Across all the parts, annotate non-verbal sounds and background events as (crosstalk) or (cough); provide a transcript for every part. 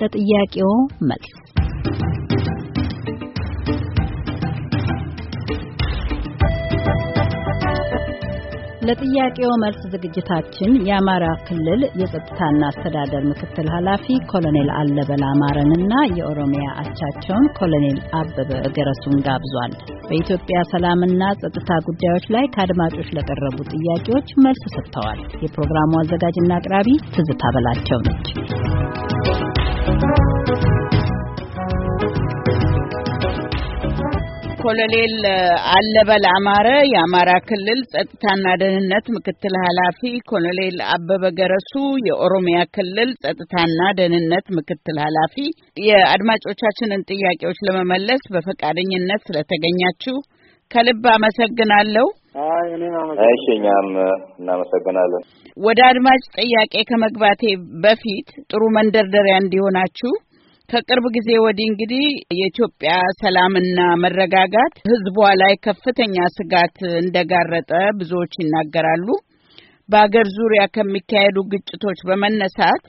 ለጥያቄው መልስ ለጥያቄው መልስ ዝግጅታችን የአማራ ክልል የጸጥታና አስተዳደር ምክትል ኃላፊ ኮሎኔል አለበል አማረንና የኦሮሚያ አቻቸውን ኮሎኔል አበበ እገረሱን ጋብዟል። በኢትዮጵያ ሰላምና ጸጥታ ጉዳዮች ላይ ከአድማጮች ለቀረቡ ጥያቄዎች መልስ ሰጥተዋል። የፕሮግራሙ አዘጋጅና አቅራቢ ትዝታ በላቸው ነች። ኮሎኔል አለበል አማረ የአማራ ክልል ጸጥታና ደህንነት ምክትል ኃላፊ፣ ኮሎኔል አበበ ገረሱ የኦሮሚያ ክልል ጸጥታና ደህንነት ምክትል ኃላፊ፣ የአድማጮቻችንን ጥያቄዎች ለመመለስ በፈቃደኝነት ስለተገኛችሁ ከልብ አመሰግናለሁ። እሺ እኛም እናመሰግናለን። ወደ አድማጭ ጥያቄ ከመግባቴ በፊት ጥሩ መንደርደሪያ እንዲሆናችሁ ከቅርብ ጊዜ ወዲህ እንግዲህ የኢትዮጵያ ሰላምና መረጋጋት ሕዝቧ ላይ ከፍተኛ ስጋት እንደጋረጠ ብዙዎች ይናገራሉ። በአገር ዙሪያ ከሚካሄዱ ግጭቶች በመነሳት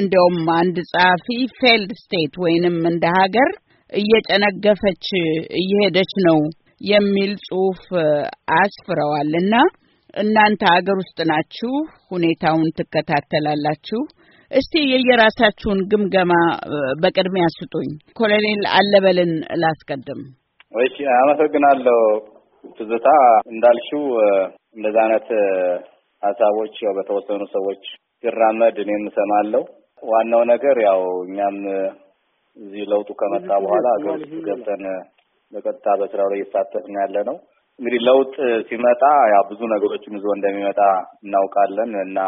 እንዲያውም አንድ ጸሐፊ ፌልድ ስቴት ወይንም እንደ ሀገር እየጨነገፈች እየሄደች ነው የሚል ጽሁፍ አስፍረዋል እና እናንተ አገር ውስጥ ናችሁ፣ ሁኔታውን ትከታተላላችሁ። እስቲ የየራሳችሁን ግምገማ በቅድሚያ ስጡኝ። ኮሎኔል አለበልን ላስቀድም። እሺ፣ አመሰግናለሁ ትዝታ። እንዳልሽው እንደዛ አይነት ሀሳቦች ያው በተወሰኑ ሰዎች ሲራመድ እኔም እሰማለሁ። ዋናው ነገር ያው እኛም እዚህ ለውጡ ከመጣ በኋላ አገር ውስጥ ገብተን በቀጥታ በስራው ላይ ነው ያለ ነው። እንግዲህ ለውጥ ሲመጣ ያው ብዙ ነገሮችን ይዞ እንደሚመጣ እናውቃለን እና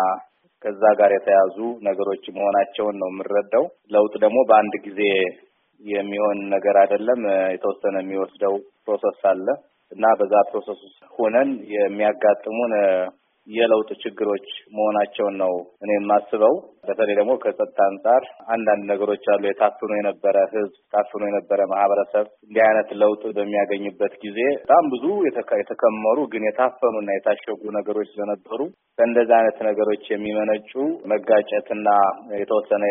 ከዛ ጋር የተያዙ ነገሮች መሆናቸውን ነው የምንረዳው። ለውጥ ደግሞ በአንድ ጊዜ የሚሆን ነገር አይደለም። የተወሰነ የሚወስደው ፕሮሰስ አለ እና በዛ ፕሮሰስ ውስጥ ሆነን የሚያጋጥሙን የለውጥ ችግሮች መሆናቸውን ነው እኔ የማስበው። በተለይ ደግሞ ከጸጥታ አንጻር አንዳንድ ነገሮች አሉ። የታፍኖ የነበረ ህዝብ፣ ታፍኖ የነበረ ማህበረሰብ እንዲህ አይነት ለውጥ በሚያገኝበት ጊዜ በጣም ብዙ የተከመሩ ግን የታፈኑና የታሸጉ ነገሮች ስለነበሩ ከእንደዚህ አይነት ነገሮች የሚመነጩ መጋጨትና የተወሰነ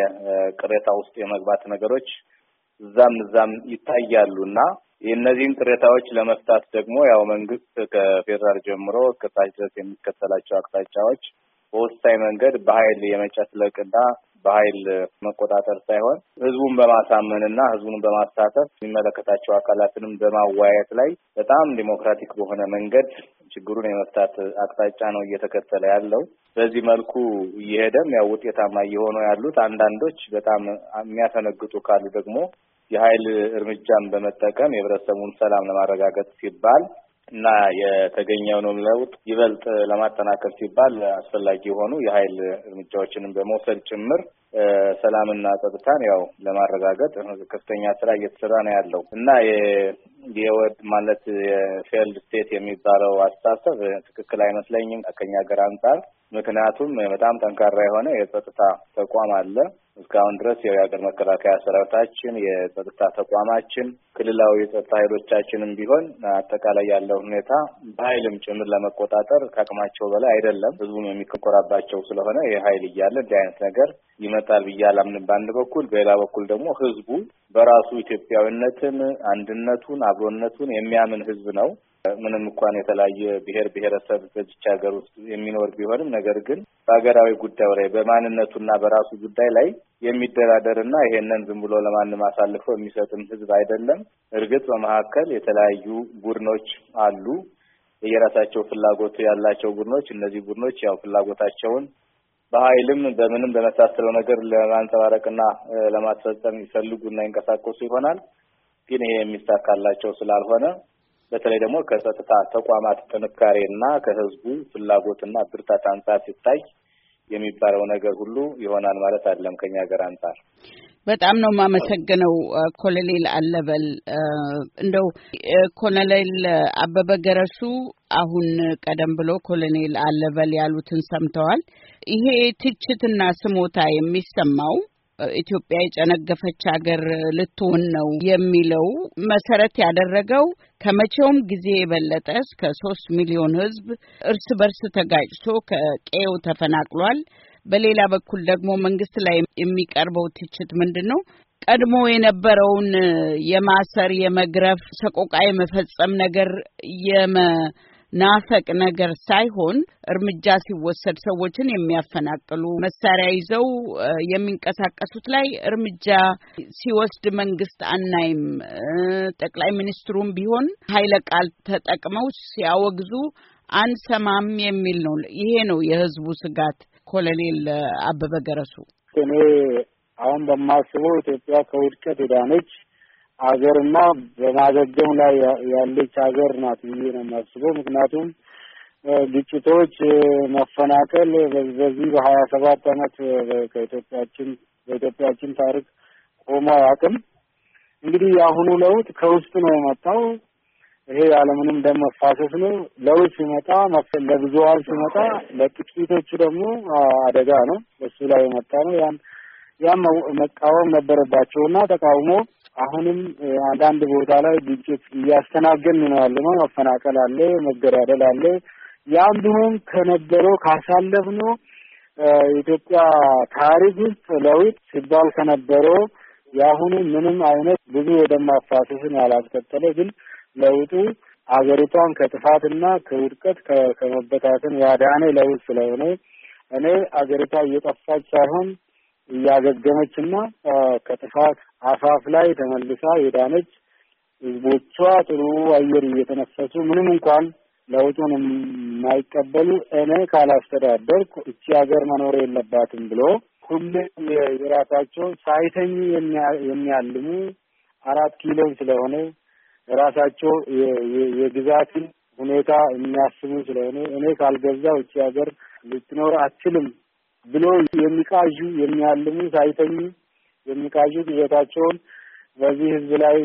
ቅሬታ ውስጥ የመግባት ነገሮች እዛም እዛም ይታያሉ እና እነዚህን ቅሬታዎች ለመፍታት ደግሞ ያው መንግስት ከፌዴራል ጀምሮ እስከ ድረስ የሚከተላቸው አቅጣጫዎች በወሳኝ መንገድ በኃይል የመጨፍለቅና በኃይል መቆጣጠር ሳይሆን ህዝቡን በማሳመንና ህዝቡን በማሳተፍ የሚመለከታቸው አካላትንም በማወያየት ላይ በጣም ዲሞክራቲክ በሆነ መንገድ ችግሩን የመፍታት አቅጣጫ ነው እየተከተለ ያለው። በዚህ መልኩ እየሄደም ያው ውጤታማ እየሆኑ ያሉት አንዳንዶች በጣም የሚያሰነግጡ ካሉ ደግሞ የኃይል እርምጃን በመጠቀም የህብረተሰቡን ሰላም ለማረጋገጥ ሲባል እና የተገኘውንም ለውጥ ይበልጥ ለማጠናከር ሲባል አስፈላጊ የሆኑ የኃይል እርምጃዎችንም በመውሰድ ጭምር ሰላምና ጸጥታን ያው ለማረጋገጥ ከፍተኛ ስራ እየተሰራ ነው ያለው እና የወድ ማለት የፌልድ ስቴት የሚባለው አስተሳሰብ ትክክል አይመስለኝም ከኛ ሀገር አንጻር። ምክንያቱም በጣም ጠንካራ የሆነ የጸጥታ ተቋም አለ። እስካሁን ድረስ የሀገር መከላከያ ሰራዊታችን፣ የጸጥታ ተቋማችን፣ ክልላዊ የጸጥታ ኃይሎቻችንም ቢሆን አጠቃላይ ያለው ሁኔታ በኃይልም ጭምር ለመቆጣጠር ከአቅማቸው በላይ አይደለም። ህዝቡም የሚኮራባቸው ስለሆነ ይህ ኃይል እያለ እንዲህ አይነት ነገር ይመጣል ብዬ አላምንም በአንድ በኩል፣ በሌላ በኩል ደግሞ ህዝቡ በራሱ ኢትዮጵያዊነትን፣ አንድነቱን፣ አብሮነቱን የሚያምን ህዝብ ነው። ምንም እንኳን የተለያየ ብሔር ብሔረሰብ በዚች ሀገር ውስጥ የሚኖር ቢሆንም ነገር ግን በሀገራዊ ጉዳዩ ላይ በማንነቱና በራሱ ጉዳይ ላይ የሚደራደርና ይሄንን ዝም ብሎ ለማንም አሳልፈው የሚሰጥም ህዝብ አይደለም። እርግጥ በመካከል የተለያዩ ቡድኖች አሉ። የራሳቸው ፍላጎት ያላቸው ቡድኖች እነዚህ ቡድኖች ያው ፍላጎታቸውን በኃይልም በምንም በመሳሰለው ነገር ለማንጸባረቅና ለማስፈጸም ይፈልጉና ይንቀሳቀሱ ይሆናል። ግን ይሄ የሚሳካላቸው ስላልሆነ በተለይ ደግሞ ከጸጥታ ተቋማት ጥንካሬ እና ከህዝቡ ፍላጎትና ብርታት አንጻር ሲታይ የሚባለው ነገር ሁሉ ይሆናል ማለት አይደለም ከኛ ሀገር አንጻር። በጣም ነው የማመሰግነው ኮሎኔል አለበል። እንደው ኮሎኔል አበበ ገረሱ አሁን ቀደም ብሎ ኮሎኔል አለበል ያሉትን ሰምተዋል። ይሄ ትችትና ስሞታ የሚሰማው ኢትዮጵያ የጨነገፈች ሀገር ልትሆን ነው የሚለው መሰረት ያደረገው ከመቼውም ጊዜ የበለጠ እስከ ሶስት ሚሊዮን ህዝብ እርስ በርስ ተጋጭቶ ከቀየው ተፈናቅሏል። በሌላ በኩል ደግሞ መንግስት ላይ የሚቀርበው ትችት ምንድን ነው? ቀድሞ የነበረውን የማሰር፣ የመግረፍ፣ ሰቆቃ የመፈጸም ነገር የመ ናፈቅ ነገር ሳይሆን እርምጃ ሲወሰድ ሰዎችን የሚያፈናቅሉ መሳሪያ ይዘው የሚንቀሳቀሱት ላይ እርምጃ ሲወስድ መንግስት አናይም። ጠቅላይ ሚኒስትሩም ቢሆን ኃይለ ቃል ተጠቅመው ሲያወግዙ አንሰማም የሚል ነው። ይሄ ነው የህዝቡ ስጋት። ኮሎኔል አበበ ገረሱ እኔ አሁን በማስበው ኢትዮጵያ ከውድቀት የዳነች ሀገርና በማገገም ላይ ያለች ሀገር ናት ብዬ ነው የማስበው። ምክንያቱም ግጭቶች፣ መፈናቀል በዚህ በሀያ ሰባት አመት ከኢትዮጵያችን በኢትዮጵያችን ታሪክ ቆሞ አያውቅም። እንግዲህ የአሁኑ ለውጥ ከውስጥ ነው የመጣው። ይሄ ያለምንም ደም መፋሰስ ነው። ለውጥ ሲመጣ ለብዙሀን ሲመጣ፣ ለጥቂቶቹ ደግሞ አደጋ ነው። በሱ ላይ የመጣ ነው። ያን ያን መቃወም ነበረባቸውና ተቃውሞ አሁንም አንዳንድ ቦታ ላይ ግጭት እያስተናገድን ነው ያለ ነው። መፈናቀል አለ፣ መገዳደል አለ። ያም ቢሆን ከነበረው ካሳለፍነው ኢትዮጵያ ታሪክ ውስጥ ለውጥ ሲባል ከነበረው የአሁኑ ምንም አይነት ብዙ የደም ማፋሰስን ያላስከተለ ግን ለውጡ አገሪቷን ከጥፋትና ከውድቀት ከመበታተን ያዳነ ለውጥ ስለሆነ እኔ አገሪቷ እየጠፋች ሳይሆን እያገገመችና ከጥፋት አፋፍ ላይ ተመልሳ የዳነች ህዝቦቿ ጥሩ አየር እየተነፈሱ ምንም እንኳን ለውጡን የማይቀበሉ እኔ ካላስተዳደርኩ እቺ ሀገር መኖር የለባትም ብሎ ሁሌም የራሳቸው ሳይተኙ የሚያልሙ አራት ኪሎ ስለሆነ ራሳቸው የግዛትን ሁኔታ የሚያስቡ ስለሆነ እኔ ካልገዛው እቺ ሀገር ልትኖር አትችልም ብሎ የሚቃዡ የሚያልሙ ሳይተኙ የሚቃዡ ይዘታቸውን በዚህ ህዝብ ላይ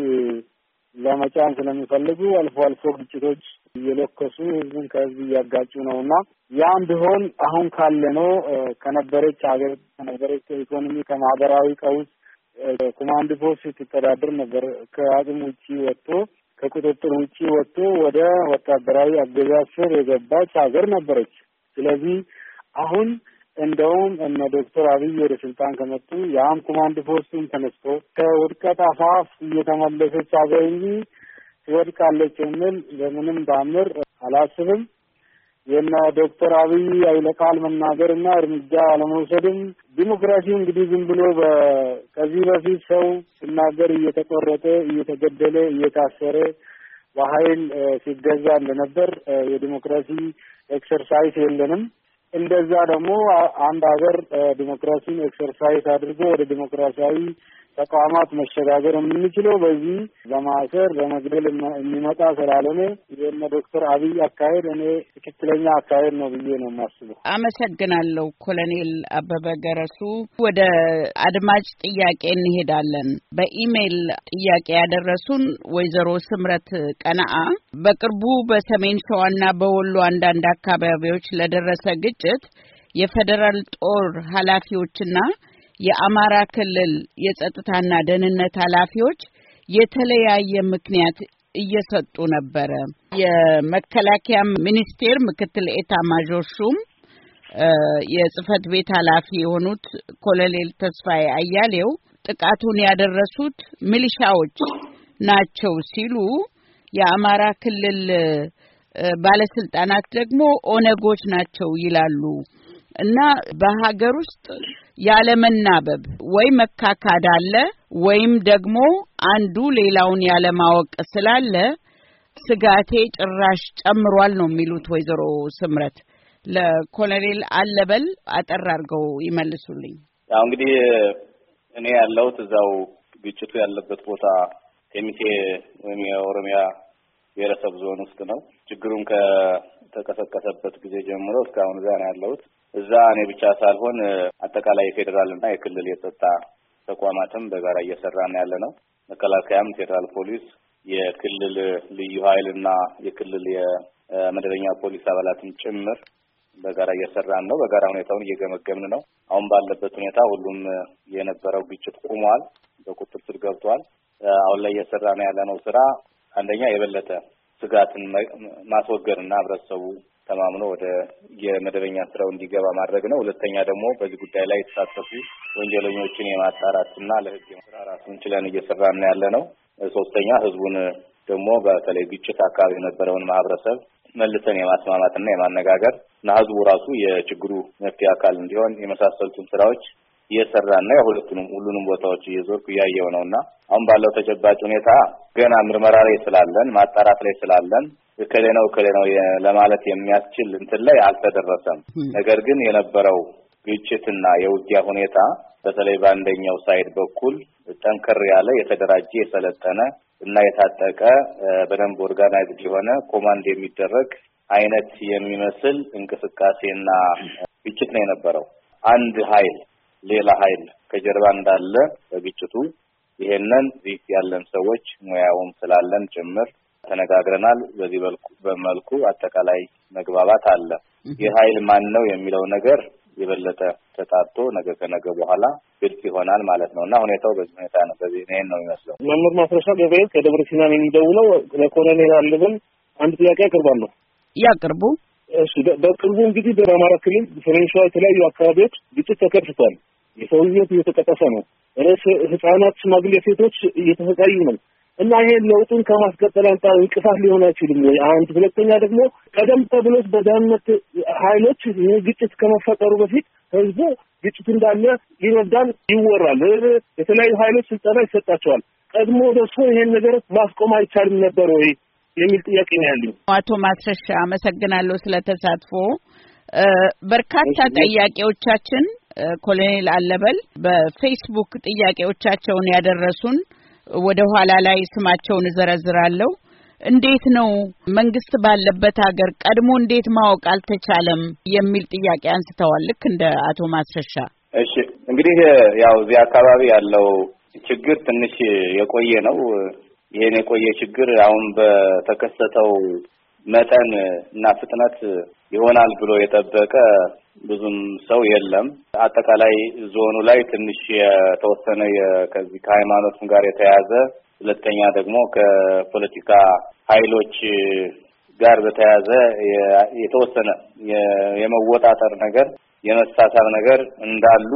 ለመጫን ስለሚፈልጉ አልፎ አልፎ ግጭቶች እየለከሱ ህዝብን ከህዝብ እያጋጩ ነው እና ያም ቢሆን አሁን ነው ከነበረች ሀገር ከነበረች ኢኮኖሚ ከማህበራዊ ቀውስ ኮማንድ ፖስት ስትተዳደር ነበር። ከአቅም ውጪ ወጥቶ ከቁጥጥር ውጪ ወጥቶ ወደ ወታደራዊ አገዛዝ ስር የገባች ሀገር ነበረች። ስለዚህ አሁን እንደውም እነ ዶክተር አብይ ወደ ስልጣን ከመጡ የአም ኮማንድ ፖስቱን ተነስቶ ከውድቀት አፋፍ እየተመለሰች ሀገር እንጂ ትወድቃለች የሚል በምንም ባምር አላስብም። የነ ዶክተር አብይ አይለቃል ና እርምጃ አለመውሰድም ዲሞክራሲ እንግዲህ ዝም ብሎ ከዚህ በፊት ሰው ሲናገር እየተቆረጠ እየተገደለ እየታሰረ በኃይል ሲገዛ እንደነበር የዲሞክራሲ ኤክሰርሳይዝ የለንም። እንደዛ ደግሞ አንድ ሀገር ዲሞክራሲን ኤክሰርሳይዝ አድርጎ ወደ ዲሞክራሲያዊ ተቋማት መሸጋገር የምንችለው በዚህ በማሰር በመግደል የሚመጣ ስላልሆነ የእነ ዶክተር አብይ አካሄድ እኔ ትክክለኛ አካሄድ ነው ብዬ ነው የማስበው። አመሰግናለሁ ኮሎኔል አበበ ገረሱ። ወደ አድማጭ ጥያቄ እንሄዳለን። በኢሜይል ጥያቄ ያደረሱን ወይዘሮ ስምረት ቀናአ በቅርቡ በሰሜን ሸዋና በወሎ አንዳንድ አካባቢዎች ለደረሰ ግጭ ግጭት የፌዴራል ጦር ኃላፊዎችና የአማራ ክልል የጸጥታና ደህንነት ኃላፊዎች የተለያየ ምክንያት እየሰጡ ነበረ። የመከላከያ ሚኒስቴር ምክትል ኤታ ማዦር ሹም የጽህፈት ቤት ኃላፊ የሆኑት ኮሎኔል ተስፋዬ አያሌው ጥቃቱን ያደረሱት ሚሊሻዎች ናቸው ሲሉ የአማራ ክልል ባለስልጣናት ደግሞ ኦነጎች ናቸው ይላሉ እና በሀገር ውስጥ ያለመናበብ ወይ መካካድ አለ ወይም ደግሞ አንዱ ሌላውን ያለማወቅ ስላለ ስጋቴ ጭራሽ ጨምሯል ነው የሚሉት ወይዘሮ ስምረት። ለኮሎኔል አለበል አጠር አድርገው ይመልሱልኝ። ያው እንግዲህ እኔ ያለሁት እዛው ግጭቱ ያለበት ቦታ ቴሚቴ ወይም የኦሮሚያ ብሔረሰብ ዞን ውስጥ ነው። ችግሩን ከተቀሰቀሰበት ጊዜ ጀምሮ እስካሁን እዛ ነው ያለሁት። እዛ እኔ ብቻ ሳልሆን አጠቃላይ የፌዴራልና የክልል የጸጥታ ተቋማትም በጋራ እየሰራን ያለ ነው። መከላከያም፣ ፌዴራል ፖሊስ፣ የክልል ልዩ ኃይልና የክልል የመደበኛ ፖሊስ አባላትም ጭምር በጋራ እየሰራን ነው። በጋራ ሁኔታውን እየገመገምን ነው። አሁን ባለበት ሁኔታ ሁሉም የነበረው ግጭት ቆሟል፣ በቁጥር ስር ገብቷል። አሁን ላይ እየሰራ ያለ ያለነው ስራ አንደኛ የበለጠ ስጋትን ማስወገድና ህብረተሰቡ ተማምኖ ወደ የመደበኛ ስራው እንዲገባ ማድረግ ነው። ሁለተኛ ደግሞ በዚህ ጉዳይ ላይ የተሳተፉ ወንጀለኞችን የማጣራትና ለህግ ስራ ራሱን ችለን እየሰራና ያለ ነው። ሶስተኛ ህዝቡን ደግሞ በተለይ ግጭት አካባቢ የነበረውን ማህበረሰብ መልሰን የማስማማትና የማነጋገር እና ህዝቡ ራሱ የችግሩ መፍትሄ አካል እንዲሆን የመሳሰሉትን ስራዎች እየሰራን ነው። ሁለቱንም ሁሉንም ቦታዎች እየዞርኩ እያየው ነው እና አሁን ባለው ተጨባጭ ሁኔታ ገና ምርመራ ላይ ስላለን ማጣራት ላይ ስላለን እከሌ ነው እከሌ ነው ለማለት የሚያስችል እንትን ላይ አልተደረሰም። ነገር ግን የነበረው ግጭትና የውጊያ ሁኔታ በተለይ በአንደኛው ሳይድ በኩል ጠንከር ያለ የተደራጀ የሰለጠነ እና የታጠቀ በደንብ ኦርጋናይዝድ የሆነ ኮማንድ የሚደረግ አይነት የሚመስል እንቅስቃሴና ግጭት ነው የነበረው። አንድ ኃይል ሌላ ኃይል ከጀርባ እንዳለ በግጭቱ ይሄንን ዚህ ያለን ሰዎች ሙያውም ስላለን ጭምር ተነጋግረናል። በዚህ በመልኩ አጠቃላይ መግባባት አለ። ይህ ኃይል ማን ነው የሚለው ነገር የበለጠ ተጣርቶ ነገ ከነገ በኋላ ግልጽ ይሆናል ማለት ነው እና ሁኔታው በዚህ ሁኔታ ነው። በዚህ ይሄን ነው የሚመስለው። መምህር ማስረሻ ገበኤ ከደብረ ሲናን የሚደውለው ለኮሎኔል አለብን አንድ ጥያቄ አቅርባለሁ። ያቅርቡ። እሺ፣ በቅርቡ እንግዲህ በአማራ ክልል ሰሜን ሸዋ የተለያዩ አካባቢዎች ግጭት ተከፍቷል። የሰው ህይወት እየተቀጠፈ ነው። ህፃናት፣ ሽማግሌ፣ ሴቶች እየተሰቃዩ ነው እና ይሄን ለውጡን ከማስቀጠል አንጻር እንቅፋት ሊሆን አይችልም ወይ? አንድ ሁለተኛ ደግሞ ቀደም ተብሎት በደህንነት ኃይሎች ይህ ግጭት ከመፈጠሩ በፊት ህዝቡ ግጭት እንዳለ ይረዳል፣ ይወራል፣ የተለያዩ ኃይሎች ስልጠና ይሰጣቸዋል። ቀድሞ ደርሶ ይሄን ነገር ማስቆም አይቻልም ነበር ወይ የሚል ጥያቄ ነው ያለኝ። አቶ ማስረሻ አመሰግናለሁ ስለ ተሳትፎ። በርካታ ጥያቄዎቻችን ኮሎኔል አለበል በፌስቡክ ጥያቄዎቻቸውን ያደረሱን ወደ ኋላ ላይ ስማቸውን እዘረዝራለሁ። እንዴት ነው መንግስት ባለበት ሀገር ቀድሞ እንዴት ማወቅ አልተቻለም? የሚል ጥያቄ አንስተዋል። ልክ እንደ አቶ ማስረሻ። እሺ እንግዲህ ያው እዚህ አካባቢ ያለው ችግር ትንሽ የቆየ ነው። ይህን የቆየ ችግር አሁን በተከሰተው መጠን እና ፍጥነት ይሆናል ብሎ የጠበቀ ብዙም ሰው የለም። አጠቃላይ ዞኑ ላይ ትንሽ የተወሰነ ከዚህ ከሃይማኖትም ጋር የተያያዘ ሁለተኛ ደግሞ ከፖለቲካ ኃይሎች ጋር በተያያዘ የተወሰነ የመወጣጠር ነገር የመሳሳብ ነገር እንዳሉ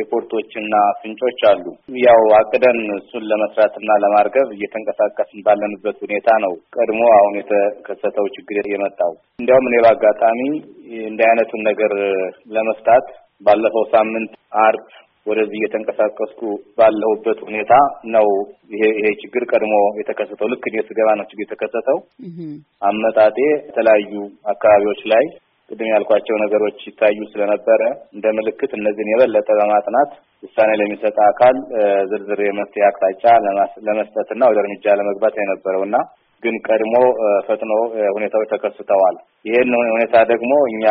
ሪፖርቶችና ፍንጮች አሉ። ያው አቅደን እሱን ለመስራትና ለማርገብ እየተንቀሳቀስን ባለንበት ሁኔታ ነው ቀድሞ አሁን የተከሰተው ችግር የመጣው። እንዲያውም እኔ በአጋጣሚ እንዲህ አይነቱን ነገር ለመፍታት ባለፈው ሳምንት አርብ ወደዚህ እየተንቀሳቀስኩ ባለሁበት ሁኔታ ነው ይሄ ይሄ ችግር ቀድሞ የተከሰተው። ልክ እኔ ስገባ ነው ችግር የተከሰተው። አመጣጤ የተለያዩ አካባቢዎች ላይ ቅድም ያልኳቸው ነገሮች ይታዩ ስለነበረ እንደ ምልክት እነዚህን የበለጠ በማጥናት ውሳኔ ለሚሰጥ አካል ዝርዝር የመፍትሄ አቅጣጫ ለመስጠትና ወደ እርምጃ ለመግባት የነበረውና ግን ቀድሞ ፈጥኖ ሁኔታዎች ተከስተዋል። ይህን ሁኔታ ደግሞ እኛ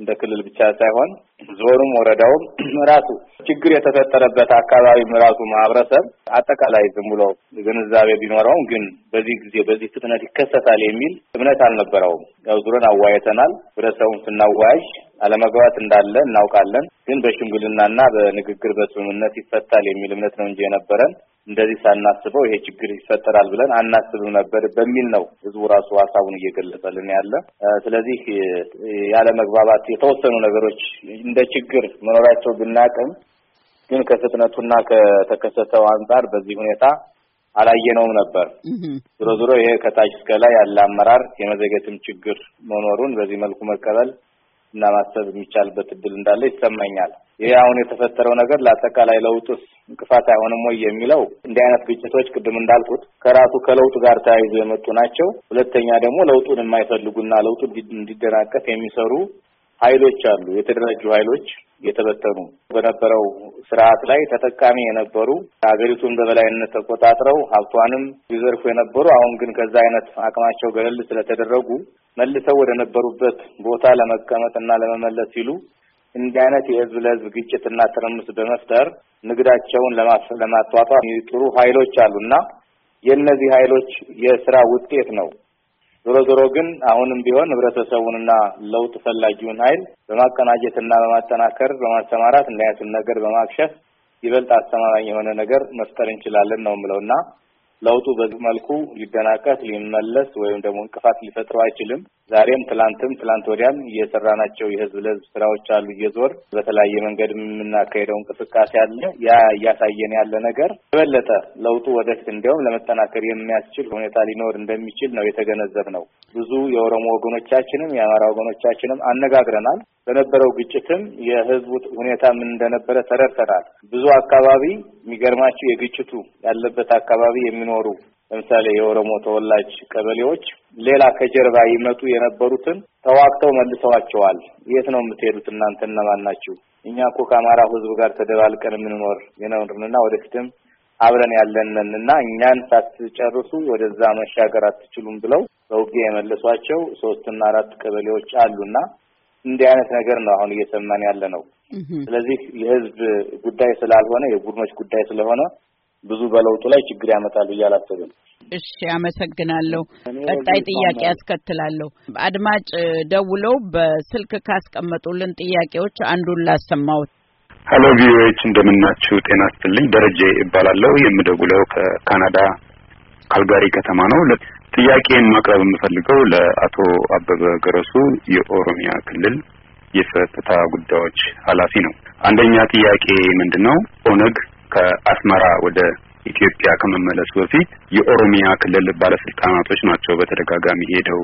እንደ ክልል ብቻ ሳይሆን ዞኑም ወረዳውም (clears throat) ራሱ ችግር የተፈጠረበት አካባቢ ራሱ ማህበረሰብ አጠቃላይ ዝም ብሎ ግንዛቤ ቢኖረውም ግን በዚህ ጊዜ በዚህ ፍጥነት ይከሰታል የሚል እምነት አልነበረውም። ያው ዙረን አዋይተናል። ህብረተሰቡን ስናዋያዥ አለመግባት እንዳለ እናውቃለን። ግን በሽምግልናና በንግግር በስምምነት ይፈታል የሚል እምነት ነው እንጂ የነበረን እንደዚህ ሳናስበው ይሄ ችግር ይፈጠራል ብለን አናስብም ነበር በሚል ነው ህዝቡ ራሱ ሀሳቡን እየገለጸልን ያለ። ስለዚህ ያለ መግባባት የተወሰኑ ነገሮች እንደ ችግር መኖራቸው ብናቅም ግን ከፍጥነቱና ከተከሰተው አንጻር በዚህ ሁኔታ አላየነውም ነበር። ዞሮ ዞሮ ይሄ ከታች እስከ ላይ ያለ አመራር የመዘገትም ችግር መኖሩን በዚህ መልኩ መቀበል እና ማሰብ የሚቻልበት እድል እንዳለ ይሰማኛል። ይህ አሁን የተፈጠረው ነገር ለአጠቃላይ ለውጡስ እንቅፋት አይሆንም ወይ የሚለው እንዲህ አይነት ግጭቶች ቅድም እንዳልኩት ከራሱ ከለውጥ ጋር ተያይዞ የመጡ ናቸው። ሁለተኛ ደግሞ ለውጡን የማይፈልጉና ለውጡ እንዲደናቀፍ የሚሰሩ ኃይሎች አሉ። የተደራጁ ኃይሎች የተበተኑ በነበረው ስርዓት ላይ ተጠቃሚ የነበሩ ሀገሪቱን በበላይነት ተቆጣጥረው ሀብቷንም ይዘርፉ የነበሩ አሁን ግን ከዛ አይነት አቅማቸው ገለል ስለተደረጉ መልሰው ወደ ነበሩበት ቦታ ለመቀመጥና ለመመለስ ሲሉ እንዲህ አይነት የህዝብ ለህዝብ ግጭትና ትርምስ በመፍጠር ንግዳቸውን ለማጧጧፍ የሚጥሩ ኃይሎች አሉና የእነዚህ ኃይሎች የስራ ውጤት ነው። ዞሮ ዞሮ ግን አሁንም ቢሆን ህብረተሰቡንና ለውጥ ፈላጊውን ኃይል በማቀናጀትና በማጠናከር በማሰማራት እንዳያቱን ነገር በማክሸፍ ይበልጥ አስተማማኝ የሆነ ነገር መፍጠር እንችላለን ነው የምለውና ለውጡ በዚህ መልኩ ሊደናቀፍ ሊመለስ ወይም ደግሞ እንቅፋት ሊፈጥረው አይችልም። ዛሬም፣ ትላንትም፣ ትላንት ወዲያም ናቸው የህዝብ ለህዝብ ስራዎች አሉ። እየዞር በተለያየ መንገድ የምናካሄደው እንቅስቃሴ አለ። ያ እያሳየን ያለ ነገር የበለጠ ለውጡ ወደፊት እንዲያውም ለመጠናከር የሚያስችል ሁኔታ ሊኖር እንደሚችል ነው የተገነዘብ ነው። ብዙ የኦሮሞ ወገኖቻችንም የአማራ ወገኖቻችንም አነጋግረናል። በነበረው ግጭትም የህዝቡ ሁኔታ ምን እንደነበረ ተረድተናል። ብዙ አካባቢ የሚገርማቸው የግጭቱ ያለበት አካባቢ የሚ የሚኖሩ ለምሳሌ የኦሮሞ ተወላጅ ቀበሌዎች ሌላ ከጀርባ ይመጡ የነበሩትን ተዋግተው መልሰዋቸዋል። የት ነው የምትሄዱት? እናንተ እነማን ናችሁ? እኛ እኮ ከአማራ ሕዝብ ጋር ተደባልቀን የምንኖር የነርንና ወደፊትም አብረን ያለንን እና እኛን ሳትጨርሱ ወደዛ መሻገር አትችሉም ብለው በውጊያ የመለሷቸው ሶስትና አራት ቀበሌዎች አሉና እንዲህ አይነት ነገር ነው አሁን እየሰማን ያለ ነው። ስለዚህ የህዝብ ጉዳይ ስላልሆነ የቡድኖች ጉዳይ ስለሆነ ብዙ በለውጡ ላይ ችግር ያመጣል ብዬ አላስብም። እሺ፣ አመሰግናለሁ። ቀጣይ ጥያቄ ያስከትላለሁ። አድማጭ ደውለው በስልክ ካስቀመጡልን ጥያቄዎች አንዱን ላሰማሁት። ሀሎ ቪኦኤዎች፣ እንደምናችሁ ጤና ስትልኝ። ደረጀ ይባላለሁ። የምደውለው ከካናዳ ካልጋሪ ከተማ ነው። ጥያቄን ማቅረብ የምፈልገው ለአቶ አበበ ገረሱ የኦሮሚያ ክልል የጸጥታ ጉዳዮች ኃላፊ ነው። አንደኛ ጥያቄ ምንድን ነው ኦነግ ከአስመራ ወደ ኢትዮጵያ ከመመለሱ በፊት የኦሮሚያ ክልል ባለስልጣናቶች ናቸው በተደጋጋሚ ሄደው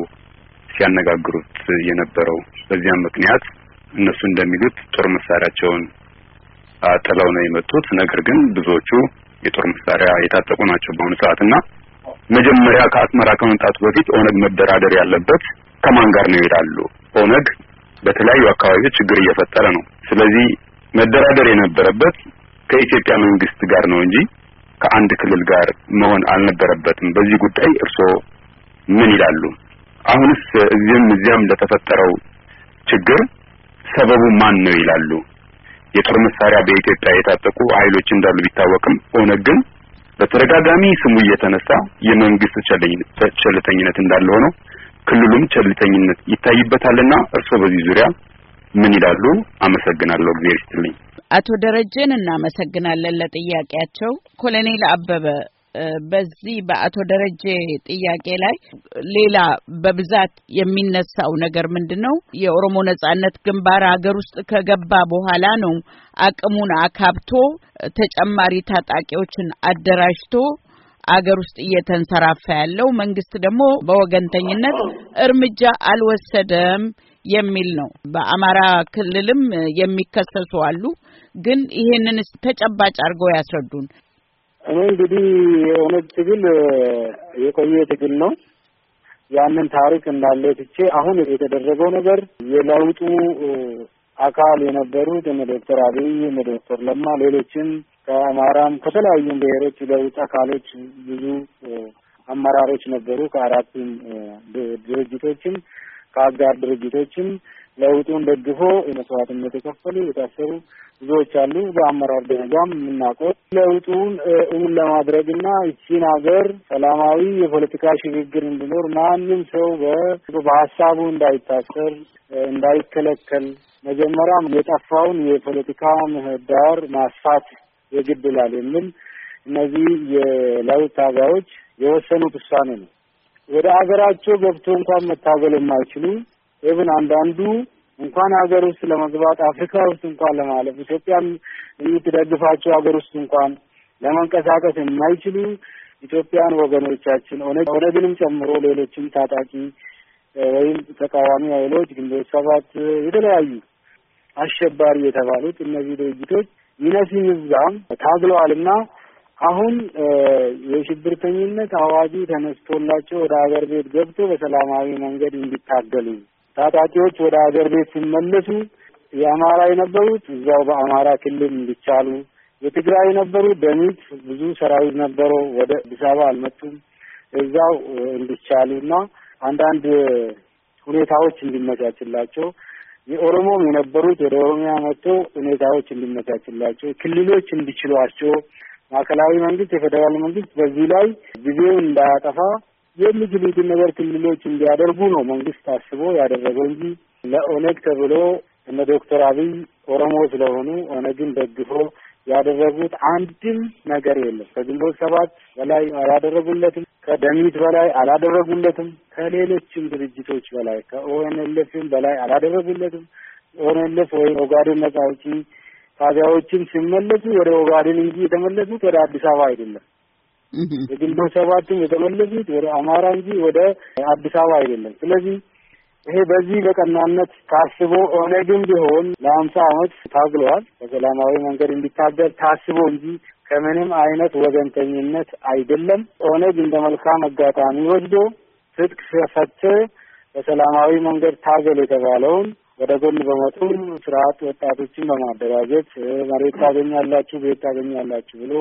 ሲያነጋግሩት የነበረው። በዚያም ምክንያት እነሱ እንደሚሉት ጦር መሳሪያቸውን ጥለው ነው የመጡት። ነገር ግን ብዙዎቹ የጦር መሳሪያ የታጠቁ ናቸው በአሁኑ ሰዓት እና መጀመሪያ ከአስመራ ከመምጣቱ በፊት ኦነግ መደራደር ያለበት ከማን ጋር ነው ይላሉ። ኦነግ በተለያዩ አካባቢዎች ችግር እየፈጠረ ነው። ስለዚህ መደራደር የነበረበት ከኢትዮጵያ መንግስት ጋር ነው እንጂ ከአንድ ክልል ጋር መሆን አልነበረበትም። በዚህ ጉዳይ እርስዎ ምን ይላሉ? አሁንስ እዚህም እዚያም ለተፈጠረው ችግር ሰበቡ ማን ነው ይላሉ። የጦር መሳሪያ በኢትዮጵያ የታጠቁ ኃይሎች እንዳሉ ቢታወቅም ኦነግ ግን በተደጋጋሚ ስሙ እየተነሳ የመንግስት ቸልተኝነት እንዳለ ሆኖ ክልሉም ቸልተኝነት ይታይበታልና እርስዎ በዚህ ዙሪያ ምን ይላሉ? አመሰግናለሁ። እግዚአብሔር ይስጥልኝ። አቶ ደረጀን እናመሰግናለን ለጥያቄያቸው። ኮሎኔል አበበ በዚህ በአቶ ደረጀ ጥያቄ ላይ ሌላ በብዛት የሚነሳው ነገር ምንድን ነው? የኦሮሞ ነጻነት ግንባር ሀገር ውስጥ ከገባ በኋላ ነው አቅሙን አካብቶ ተጨማሪ ታጣቂዎችን አደራጅቶ አገር ውስጥ እየተንሰራፋ ያለው መንግስት ደግሞ በወገንተኝነት እርምጃ አልወሰደም የሚል ነው። በአማራ ክልልም የሚከሰሱ አሉ። ግን ይሄንን ተጨባጭ አድርገው ያስረዱን። እኔ እንግዲህ የኦነግ ትግል የቆየ ትግል ነው። ያንን ታሪክ እንዳለ ትቼ አሁን የተደረገው ነገር የለውጡ አካል የነበሩት እነ ዶክተር አብይ እነ ዶክተር ለማ ሌሎችም ከአማራም ከተለያዩ ብሔሮች ለውጥ አካሎች ብዙ አመራሮች ነበሩ። ከአራቱም ድርጅቶችም ከአጋር ድርጅቶችም ለውጡን ደግፎ መስዋዕትነት የከፈሉ የታሰሩ ብዙዎች አሉ። በአመራር ደረጃም የምናውቀው ለውጡን እውን ለማድረግ እና ይቺን ሀገር ሰላማዊ የፖለቲካ ሽግግር እንዲኖር ማንም ሰው በሀሳቡ እንዳይታሰር እንዳይከለከል መጀመሪያም የጠፋውን የፖለቲካ ምህዳር ማስፋት የግድ ይላል የሚል እነዚህ የለውጥ ታጋዮች የወሰኑት ውሳኔ ነው። ወደ አገራቸው ገብቶ እንኳን መታገል የማይችሉ ኢብን አንዳንዱ እንኳን ሀገር ውስጥ ለመግባት አፍሪካ ውስጥ እንኳን ለማለፍ ኢትዮጵያም የምትደግፋቸው ሀገር ውስጥ እንኳን ለመንቀሳቀስ የማይችሉ ኢትዮጵያን ወገኖቻችን ኦነግንም ጨምሮ ሌሎችም ታጣቂ ወይም ተቃዋሚ ኃይሎች ግንቦት ሰባት የተለያዩ አሸባሪ የተባሉት እነዚህ ድርጅቶች ይነሲ ምዛም ታግለዋል እና አሁን የሽብርተኝነት አዋጁ ተነስቶላቸው ወደ ሀገር ቤት ገብቶ በሰላማዊ መንገድ እንዲታገሉ ታጣቂዎች ወደ ሀገር ቤት ሲመለሱ የአማራ የነበሩት እዛው በአማራ ክልል እንዲቻሉ፣ የትግራይ የነበሩት ደሚት ብዙ ሰራዊት ነበረው ወደ አዲስ አበባ አልመጡም፣ እዛው እንዲቻሉ እና አንዳንድ ሁኔታዎች እንዲመቻችላቸው የኦሮሞም የነበሩት ወደ ኦሮሚያ መጥቶ ሁኔታዎች እንዲመቻችላቸው ክልሎች እንዲችሏቸው ማዕከላዊ መንግስት፣ የፌዴራል መንግስት በዚህ ላይ ጊዜውን እንዳያጠፋ የሚችሉትን ነገር ክልሎች እንዲያደርጉ ነው መንግስት አስቦ ያደረገው እንጂ ለኦነግ ተብሎ እነ ዶክተር አብይ ኦሮሞ ስለሆኑ ኦነግን ደግፎ ያደረጉት አንድም ነገር የለም። ከግንቦት ሰባት በላይ አላደረጉለትም። ከደሚት በላይ አላደረጉለትም። ከሌሎችም ድርጅቶች በላይ ከኦኤንኤልኤፍም በላይ አላደረጉለትም። ኦኤንኤልኤፍ ወይም ኦጋዴን ነጻ አውጪ ታቢያዎችም ሲመለሱ ወደ ኦጋዴን እንጂ የተመለሱት ወደ አዲስ አበባ አይደለም። የግንቦት ሰባትም የተመለሱት ወደ አማራ እንጂ ወደ አዲስ አበባ አይደለም። ስለዚህ ይሄ በዚህ በቀናነት ታስቦ ኦነግም ቢሆን ለአምሳ አመት ታግለዋል። በሰላማዊ መንገድ እንዲታገል ታስቦ እንጂ ከምንም አይነት ወገንተኝነት አይደለም። ኦነግ እንደ መልካም አጋጣሚ ወስዶ ትጥቅ ፈተ በሰላማዊ መንገድ ታገል የተባለውን ወደ ጎን በመጡም ስርዓት ወጣቶችን በማደራጀት መሬት ታገኛላችሁ፣ ቤት ታገኛላችሁ ብሎ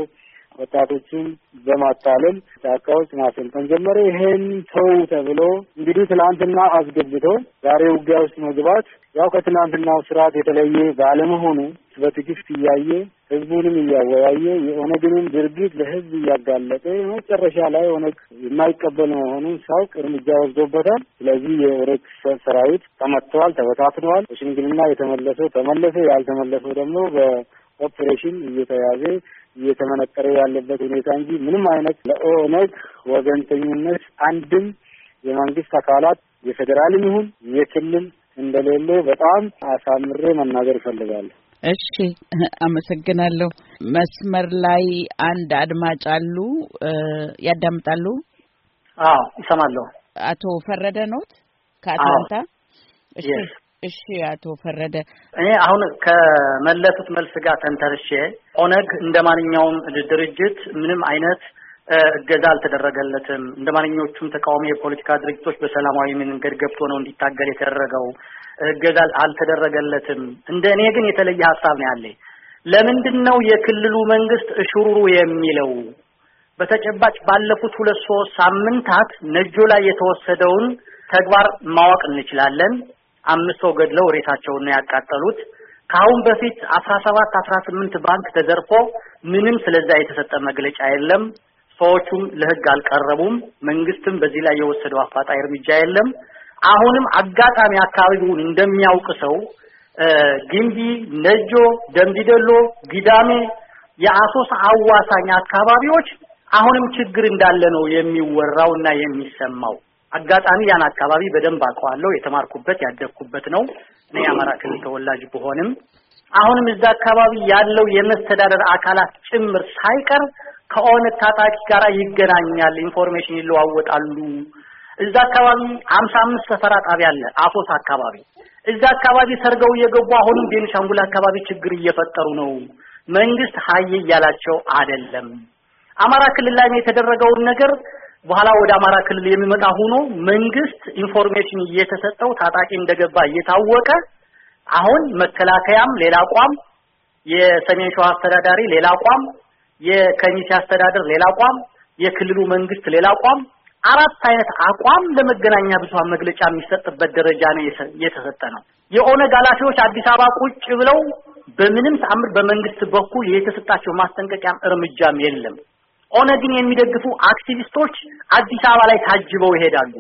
ወጣቶችን በማታለል ጫካ ውስጥ ማሰልጠን ጀመረ። ይሄን ተው ተብሎ እንግዲህ ትላንትና አስገብቶ ዛሬ ውጊያ ውስጥ መግባት ያው ከትናንትናው ስርዓት የተለየ ባለመሆኑ በትዕግስት እያየ ህዝቡንም እያወያየ የኦነግንም ድርጊት ለህዝብ እያጋለጠ መጨረሻ ላይ ኦነግ የማይቀበል መሆኑን ሳውቅ እርምጃ ወስዶበታል። ስለዚህ የኦነግ ሰራዊት ተመትተዋል፣ ተበታትነዋል። በሽምግልና የተመለሰው ተመለሰ፣ ያልተመለሰው ደግሞ በኦፕሬሽን እየተያዘ እየተመነቀረ ያለበት ሁኔታ እንጂ ምንም አይነት ለኦነግ ወገንተኝነት አንድም የመንግስት አካላት የፌዴራልም ይሁን የክልል እንደሌለ በጣም አሳምሬ መናገር ይፈልጋለሁ። እሺ፣ አመሰግናለሁ። መስመር ላይ አንድ አድማጭ አሉ። ያዳምጣሉ? አዎ፣ ይሰማለሁ። አቶ ፈረደ ኖት ከአትላንታ። እሺ እሺ፣ አቶ ፈረደ እኔ አሁን ከመለሱት መልስ ጋር ተንተርሼ ኦነግ እንደ ማንኛውም ድርጅት ምንም አይነት እገዛ አልተደረገለትም። እንደ ማንኛዎቹም ተቃዋሚ የፖለቲካ ድርጅቶች በሰላማዊ መንገድ ገብቶ ነው እንዲታገል የተደረገው። እገዛ አልተደረገለትም። እንደ እኔ ግን የተለየ ሀሳብ ነው ያለኝ። ለምንድን ነው የክልሉ መንግስት እሽሩሩ የሚለው? በተጨባጭ ባለፉት ሁለት ሶስት ሳምንታት ነጆ ላይ የተወሰደውን ተግባር ማወቅ እንችላለን። አምስት ሰው ገድለው ሬሳቸውን ያቃጠሉት። ከአሁን በፊት አስራ ሰባት አስራ ስምንት ባንክ ተዘርፎ ምንም ስለዛ የተሰጠ መግለጫ የለም። ሰዎቹም ለህግ አልቀረቡም። መንግስትም በዚህ ላይ የወሰደው አፋጣኝ እርምጃ የለም። አሁንም አጋጣሚ አካባቢውን እንደሚያውቅ ሰው ግንቢ፣ ነጆ፣ ደምቢደሎ፣ ጊዳሜ፣ የአሶሳ አዋሳኝ አካባቢዎች አሁንም ችግር እንዳለ ነው የሚወራው እና የሚሰማው። አጋጣሚ ያን አካባቢ በደንብ አውቀዋለሁ። የተማርኩበት ያደግኩበት ነው። እኔ የአማራ ክልል ተወላጅ ብሆንም አሁንም እዛ አካባቢ ያለው የመስተዳደር አካላት ጭምር ሳይቀር ከኦነግ ታጣቂ ጋር ይገናኛል፣ ኢንፎርሜሽን ይለዋወጣሉ። እዛ አካባቢ ሀምሳ አምስት ሰፈራ ጣቢያ አለ አፎስ አካባቢ። እዛ አካባቢ ሰርገው እየገቡ አሁንም ቤንሻንጉል አካባቢ ችግር እየፈጠሩ ነው። መንግስት ሀይ እያላቸው አይደለም። አማራ ክልል ላይ የተደረገውን ነገር በኋላ ወደ አማራ ክልል የሚመጣ ሆኖ መንግስት ኢንፎርሜሽን እየተሰጠው ታጣቂ እንደገባ እየታወቀ አሁን መከላከያም ሌላ አቋም፣ የሰሜን ሸዋ አስተዳዳሪ ሌላ አቋም፣ የከሚሴ አስተዳደር ሌላ አቋም፣ የክልሉ መንግስት ሌላ አቋም፣ አራት አይነት አቋም ለመገናኛ ብዙሃን መግለጫ የሚሰጥበት ደረጃ ነው እየተሰጠ ነው። የኦነግ ኃላፊዎች አዲስ አበባ ቁጭ ብለው በምንም ተአምር በመንግስት በኩል የተሰጣቸው ማስጠንቀቂያም እርምጃም የለም። ኦነግን የሚደግፉ አክቲቪስቶች አዲስ አበባ ላይ ታጅበው ይሄዳሉ።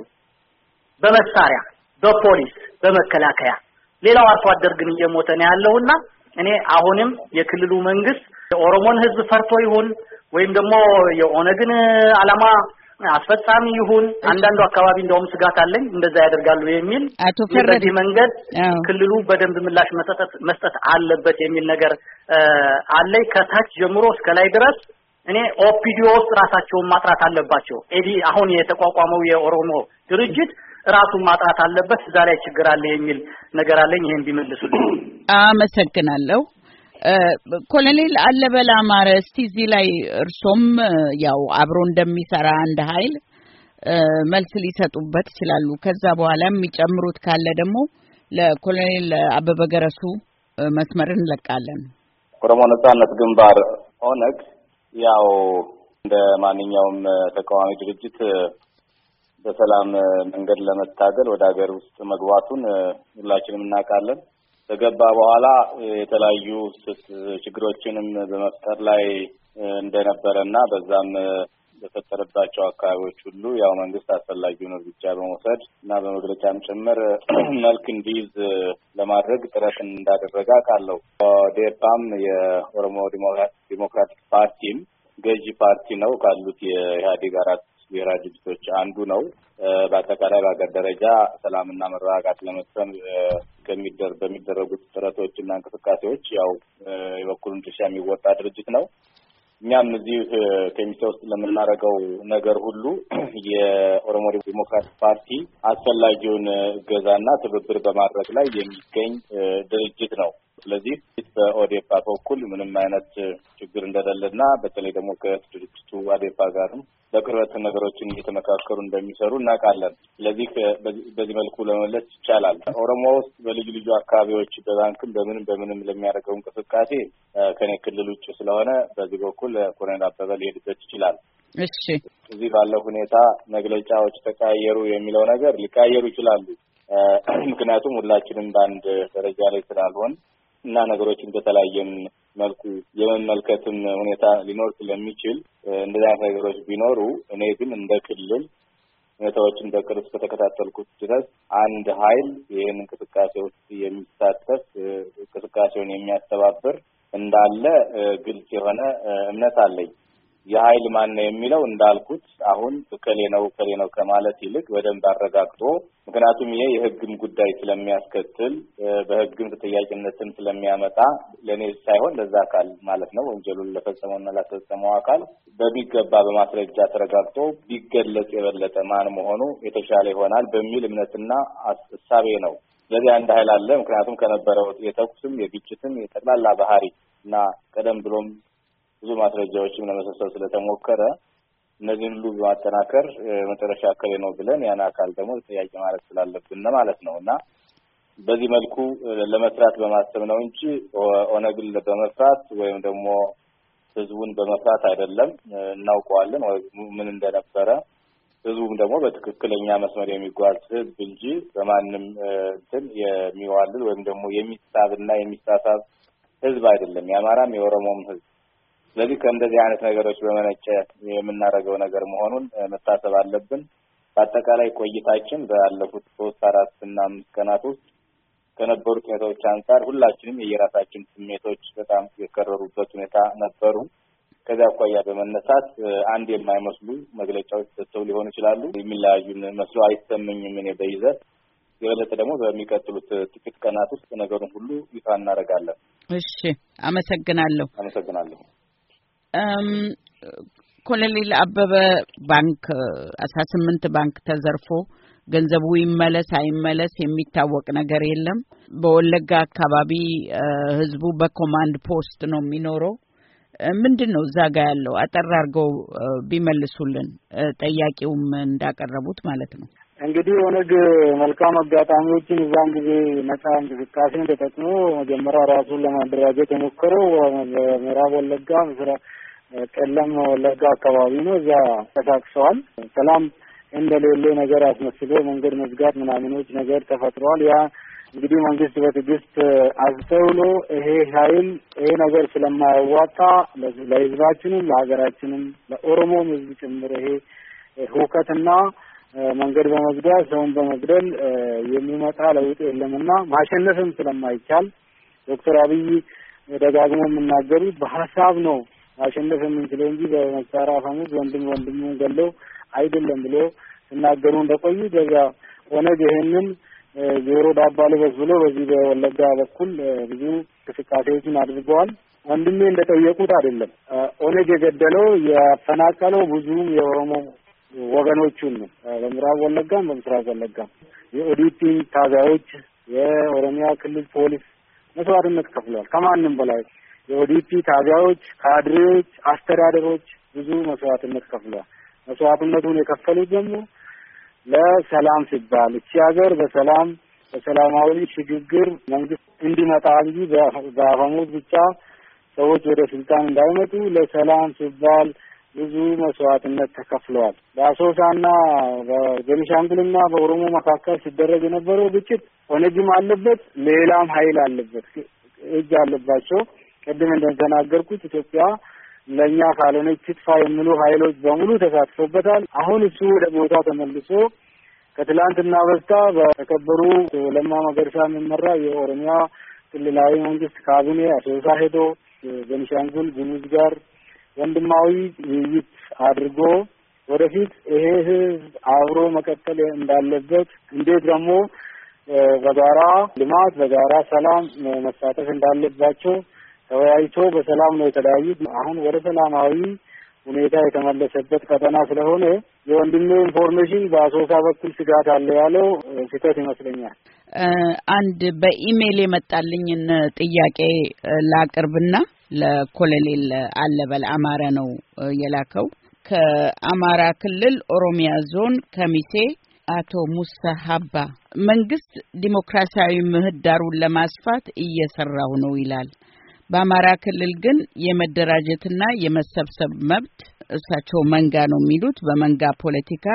በመሳሪያ፣ በፖሊስ፣ በመከላከያ ሌላው አርሶ አደር ግን እየሞተ ነው ያለውና እኔ አሁንም የክልሉ መንግስት የኦሮሞን ህዝብ ፈርቶ ይሁን ወይም ደግሞ የኦነግን አላማ አስፈጻሚ ይሁን አንዳንዱ አካባቢ እንደውም ስጋት አለኝ እንደዛ ያደርጋሉ የሚል አቶ በዚህ መንገድ ክልሉ በደንብ ምላሽ መስጠት አለበት የሚል ነገር አለኝ ከታች ጀምሮ እስከ ላይ ድረስ እኔ ኦፒዲዮ ውስጥ ራሳቸውን ማጥራት አለባቸው። ኤዲ አሁን የተቋቋመው የኦሮሞ ድርጅት ራሱን ማጥራት አለበት። እዛ ላይ ችግር አለ የሚል ነገር አለኝ። ይሄን ቢመልሱልኝ አመሰግናለሁ። ኮሎኔል አለበላ ማረ፣ እስቲ እዚህ ላይ እርሶም ያው አብሮ እንደሚሰራ አንድ ኃይል መልስ ሊሰጡበት ይችላሉ። ከዛ በኋላ የሚጨምሩት ካለ ደግሞ ለኮሎኔል አበበ ገረሱ መስመር እንለቃለን። ኦሮሞ ነጻነት ግንባር ኦነግ ያው እንደ ማንኛውም ተቃዋሚ ድርጅት በሰላም መንገድ ለመታገል ወደ ሀገር ውስጥ መግባቱን ሁላችንም እናውቃለን። ከገባ በኋላ የተለያዩ ችግሮችንም በመፍጠር ላይ እንደነበረ እና በዛም በፈጠረባቸው አካባቢዎች ሁሉ ያው መንግስት አስፈላጊውን እርምጃ በመውሰድ እና በመግለጫም ጭምር (clears throat) መልክ እንዲይዝ ለማድረግ ጥረት እንዳደረገ አውቃለሁ። ኦዴፓም የኦሮሞ ዲሞክራቲክ ፓርቲም ገዢ ፓርቲ ነው ካሉት የኢህአዴግ አራት ብሔራዊ ድርጅቶች አንዱ ነው። በአጠቃላይ በሀገር ደረጃ ሰላምና መረጋጋት ከሚደር በሚደረጉት ጥረቶች እና እንቅስቃሴዎች ያው የበኩሉን ድርሻ የሚወጣ ድርጅት ነው። እኛም እዚህ ከሚሳ ውስጥ ለምናደርገው ነገር ሁሉ (clears throat) የኦሮሞ ዴሞክራቲክ ፓርቲ አስፈላጊውን እገዛና ትብብር በማድረግ ላይ የሚገኝ ድርጅት ነው። ስለዚህ በኦዴፓ በኩል ምንም አይነት ችግር እንደሌለና በተለይ ደግሞ ከድርጅቱ አዴፓ ጋርም በቅርበት ነገሮችን እየተመካከሩ እንደሚሰሩ እናውቃለን። ስለዚህ በዚህ መልኩ ለመመለስ ይቻላል። ኦሮሞ ውስጥ በልዩ ልዩ አካባቢዎች በባንክም በምንም በምንም ለሚያደርገው እንቅስቃሴ ከኔ ክልል ውጭ ስለሆነ በዚህ በኩል ኮሎኔል አበበ ሊሄድበት ይችላል። እሺ እዚህ ባለው ሁኔታ መግለጫዎች ተቀያየሩ የሚለው ነገር ሊቀያየሩ ይችላሉ። ምክንያቱም ሁላችንም በአንድ ደረጃ ላይ ስላልሆን እና ነገሮችን በተለያየም መልኩ የመመልከትም ሁኔታ ሊኖር ስለሚችል እንደዚህ አይነት ነገሮች ቢኖሩ፣ እኔ ግን እንደ ክልል ሁኔታዎችን በቅርብ ከተከታተልኩት ድረስ አንድ ኃይል ይህን እንቅስቃሴ ውስጥ የሚሳተፍ እንቅስቃሴውን የሚያስተባብር እንዳለ ግልጽ የሆነ እምነት አለኝ። የሀይል ማን ነው የሚለው እንዳልኩት አሁን እከሌ ነው እከሌ ነው ከማለት ይልቅ በደንብ አረጋግጦ ምክንያቱም ይሄ የህግም ጉዳይ ስለሚያስከትል በህግም ተጠያቂነትን ስለሚያመጣ ለእኔ ሳይሆን ለዛ አካል ማለት ነው ወንጀሉን ለፈጸመውና ላስፈጸመው አካል በሚገባ በማስረጃ ተረጋግጦ ቢገለጽ የበለጠ ማን መሆኑ የተሻለ ይሆናል በሚል እምነትና እሳቤ ነው። ስለዚህ አንድ ኃይል አለ። ምክንያቱም ከነበረው የተኩስም የግጭትም የጠቅላላ ባህሪ እና ቀደም ብሎም ብዙ ማስረጃዎችም ለመሰብሰብ ስለተሞከረ እነዚህን ሁሉ በማጠናከር መጨረሻ አካል ነው ብለን ያን አካል ደግሞ ተጠያቂ ማለት ስላለብን ማለት ነው እና በዚህ መልኩ ለመስራት በማሰብ ነው እንጂ ኦነግን በመፍራት ወይም ደግሞ ህዝቡን በመፍራት አይደለም። እናውቀዋለን ምን እንደነበረ ህዝቡም ደግሞ በትክክለኛ መስመር የሚጓዝ ህዝብ እንጂ በማንም እንትን የሚዋልል ወይም ደግሞ የሚሳብና የሚሳሳብ ህዝብ አይደለም። የአማራም የኦሮሞም ህዝብ ስለዚህ ከእንደዚህ አይነት ነገሮች በመነጨ የምናደርገው ነገር መሆኑን መታሰብ አለብን። በአጠቃላይ ቆይታችን ባለፉት ሶስት አራት እና አምስት ቀናት ውስጥ ከነበሩ ሁኔታዎች አንጻር ሁላችንም የየራሳችን ስሜቶች በጣም የከረሩበት ሁኔታ ነበሩ። ከዚያ አኳያ በመነሳት አንድ የማይመስሉ መግለጫዎች ሰጥተው ሊሆኑ ይችላሉ። የሚለያዩን መስሎ አይሰምኝም እኔ በይዘት የበለጠ ደግሞ በሚቀጥሉት ጥቂት ቀናት ውስጥ ነገሩን ሁሉ ይፋ እናደርጋለን። እሺ፣ አመሰግናለሁ። አመሰግናለሁ። ኮሎኔል አበበ ባንክ አስራ ስምንት ባንክ ተዘርፎ ገንዘቡ ይመለስ አይመለስ የሚታወቅ ነገር የለም። በወለጋ አካባቢ ህዝቡ በኮማንድ ፖስት ነው የሚኖረው። ምንድን ነው እዛ ጋ ያለው? አጠር አድርገው ቢመልሱልን፣ ጠያቂውም እንዳቀረቡት ማለት ነው። እንግዲህ ኦነግ መልካም አጋጣሚዎችን እዛን ጊዜ ነጻ እንቅስቃሴን ተጠቅሞ መጀመሪያ ራሱን ለማደራጀት የሞከረው ምዕራብ ወለጋ ምስራ ቀለም ወለጋ አካባቢ ነው። እዛ ተሳቅሰዋል። ሰላም እንደሌለ ነገር አስመስሎ መንገድ መዝጋት ምናምኖች ነገር ተፈጥረዋል። ያ እንግዲህ መንግስት በትዕግስት አስተውሎ ይሄ ኃይል ይሄ ነገር ስለማያዋጣ ለህዝባችንም፣ ለሀገራችንም፣ ለኦሮሞም ህዝብ ጭምር ይሄ ህውከትና መንገድ በመዝጋት ሰውን በመግደል የሚመጣ ለውጥ የለምና ማሸነፍም ስለማይቻል ዶክተር አብይ ደጋግሞ የምናገሩት በሀሳብ ነው ማሸነፍ የምንችለው እንጂ በመሳሪያ አፈሙዝ ወንድም ወንድሙን ገለው አይደለም ብሎ ሲናገሩ እንደቆዩ ከዛ ኦነግ ይሄንን ዜሮ ዳባ ልበስ ብሎ በዚህ በወለጋ በኩል ብዙ እንቅስቃሴዎችን አድርገዋል። ወንድሜ እንደጠየቁት አይደለም። ኦነግ የገደለው ያፈናቀለው ብዙም የኦሮሞ ወገኖቹን ነው። በምዕራብ ወለጋም በምስራቅ ወለጋም የኦዲፒ ታጋዮች፣ የኦሮሚያ ክልል ፖሊስ መስዋዕትነት ከፍለዋል ከማንም በላይ የኦዲፒ ታቢያዎች፣ ካድሬዎች፣ አስተዳደሮች ብዙ መስዋዕትነት ከፍሏል። መስዋዕትነቱን የከፈሉት ደግሞ ለሰላም ሲባል እቺ ሀገር በሰላም በሰላማዊ ሽግግር መንግስት እንዲመጣ እንጂ በአፈሙዝ ብቻ ሰዎች ወደ ስልጣን እንዳይመጡ ለሰላም ሲባል ብዙ መስዋዕትነት ተከፍለዋል። በአሶሳና በቤኒሻንጉልና በኦሮሞ መካከል ሲደረግ የነበረው ግጭት ኦነግም አለበት፣ ሌላም ሀይል አለበት እጅ አለባቸው። ቅድም እንደተናገርኩት ኢትዮጵያ ለእኛ ካልሆነች ትጥፋ የሚሉ ሀይሎች በሙሉ ተሳትፎበታል። አሁን እሱ ወደ ቦታ ተመልሶ ከትላንትና በስታ በተከበሩ ለማ መገርሳ የሚመራ የኦሮሚያ ክልላዊ መንግስት ካቢኔ አሶሳ ሄዶ ቤኒሻንጉል ጉሙዝ ጋር ወንድማዊ ውይይት አድርጎ ወደፊት ይሄ ህዝብ አብሮ መቀጠል እንዳለበት እንዴት ደግሞ በጋራ ልማት በጋራ ሰላም መሳተፍ እንዳለባቸው ተወያይቶ በሰላም ነው የተለያዩት። አሁን ወደ ሰላማዊ ሁኔታ የተመለሰበት ቀጠና ስለሆነ የወንድሜ ኢንፎርሜሽን በአሶሳ በኩል ስጋት አለ ያለው ስህተት ይመስለኛል። አንድ በኢሜይል የመጣልኝን ጥያቄ ላቅርብና ለኮሎኔል አለበል አማረ ነው የላከው። ከአማራ ክልል ኦሮሚያ ዞን ከሚሴ አቶ ሙሳ ሀባ መንግስት ዲሞክራሲያዊ ምህዳሩን ለማስፋት እየሰራው ነው ይላል። በአማራ ክልል ግን የመደራጀትና የመሰብሰብ መብት እሳቸው መንጋ ነው የሚሉት በመንጋ ፖለቲካ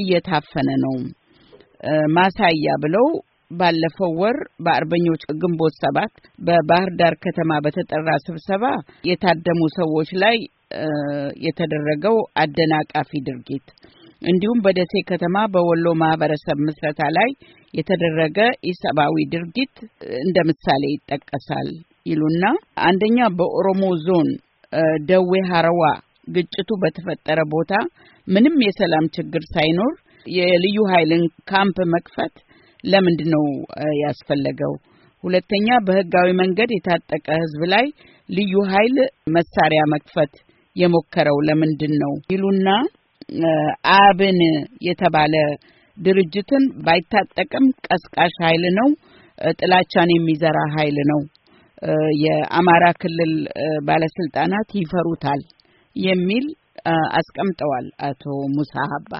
እየታፈነ ነው። ማሳያ ብለው ባለፈው ወር በአርበኞች ግንቦት ሰባት በባህር ዳር ከተማ በተጠራ ስብሰባ የታደሙ ሰዎች ላይ የተደረገው አደናቃፊ ድርጊት እንዲሁም በደሴ ከተማ በወሎ ማህበረሰብ ምስረታ ላይ የተደረገ ኢሰብአዊ ድርጊት እንደ ምሳሌ ይጠቀሳል። ይሉና አንደኛ በኦሮሞ ዞን ደዌ ሀረዋ ግጭቱ በተፈጠረ ቦታ ምንም የሰላም ችግር ሳይኖር የልዩ ኃይልን ካምፕ መክፈት ለምንድን ነው ያስፈለገው? ሁለተኛ በህጋዊ መንገድ የታጠቀ ህዝብ ላይ ልዩ ኃይል መሳሪያ መክፈት የሞከረው ለምንድን ነው ይሉና አብን የተባለ ድርጅትን ባይታጠቅም ቀስቃሽ ኃይል ነው፣ ጥላቻን የሚዘራ ኃይል ነው የአማራ ክልል ባለስልጣናት ይፈሩታል የሚል አስቀምጠዋል። አቶ ሙሳ ሀባ